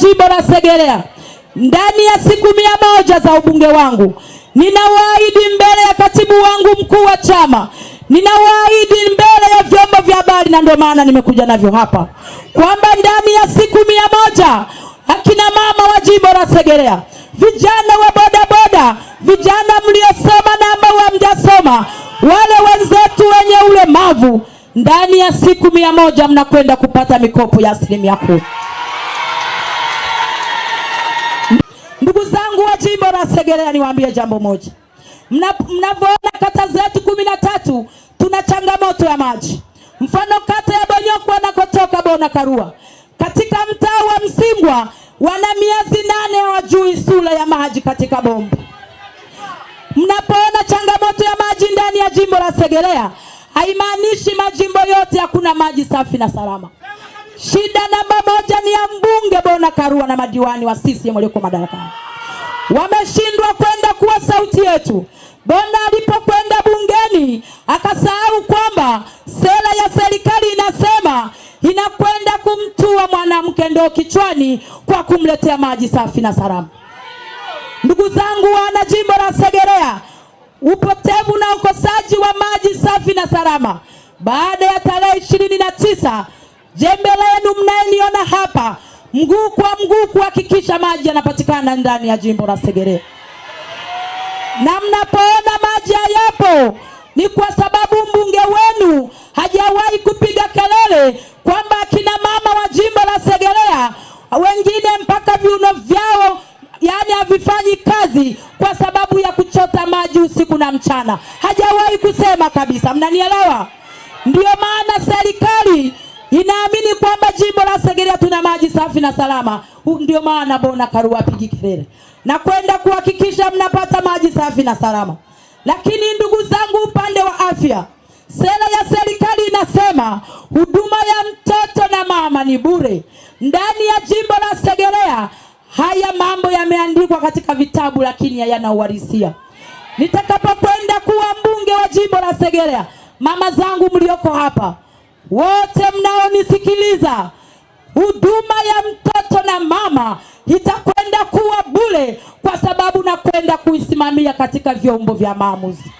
Jimbo la Segerea ndani ya siku mia moja za ubunge wangu, ninawaahidi mbele ya katibu wangu mkuu wa chama, ninawaahidi mbele ya vyombo vya habari, na ndio maana nimekuja navyo hapa kwamba ndani ya siku mia moja akina mama wa jimbo la Segerea, vijana wa bodaboda, vijana mliosoma na ambao hamjasoma, wale wenzetu wenye ulemavu, ndani ya siku mia moja mnakwenda kupata mikopo ya asilimia kumi. Segerea, niwaambie jambo moja, mnavyoona kata zetu kumi na tatu tuna changamoto ya maji. Mfano kata ya Bonyokwa nakotoka Bona Karua, katika mtaa wa Msingwa wana miezi nane hawajui sura ya maji katika bomba. Mnapoona changamoto ya maji ndani ya jimbo la Segerea haimaanishi majimbo yote hakuna maji safi na salama. Shida namba moja ni ya mbunge Bona Karua na madiwani wa CCM walioko madarakani wameshindwa kwenda kuwa sauti yetu. Bonda alipokwenda bungeni akasahau kwamba sera ya serikali inasema inakwenda kumtua mwanamke ndoo kichwani kwa kumletea maji safi na salama. Ndugu zangu, wana jimbo la Segerea, upotevu na ukosaji wa maji safi na salama, baada ya tarehe ishirini na tisa jembe lenu mnayeniona mguu kwa mguu kuhakikisha maji yanapatikana ndani ya jimbo la Segerea. Na mnapoona maji hayapo ni kwa sababu mbunge wenu hajawahi kupiga kelele kwamba akina mama wa jimbo la Segerea wengine mpaka viuno vyao yani havifanyi kazi kwa sababu ya kuchota maji usiku na mchana. Hajawahi kusema kabisa, mnanielewa? Ndio maana serikali inaamini kwamba safi na salama. Ndio maana Bona Karu apigi kelele na kwenda kuhakikisha mnapata maji safi na salama. Lakini ndugu zangu, upande wa afya, sera ya serikali inasema huduma ya mtoto na mama ni bure. Ndani ya jimbo la Segerea haya mambo yameandikwa katika vitabu, lakini hayana uhalisia. Nitakapokwenda kuwa mbunge wa jimbo la Segerea, mama zangu mlioko hapa wote mnaonisikiliza huduma ya mtoto na mama itakwenda kuwa bure, kwa sababu nakwenda kuisimamia katika vyombo vya maamuzi.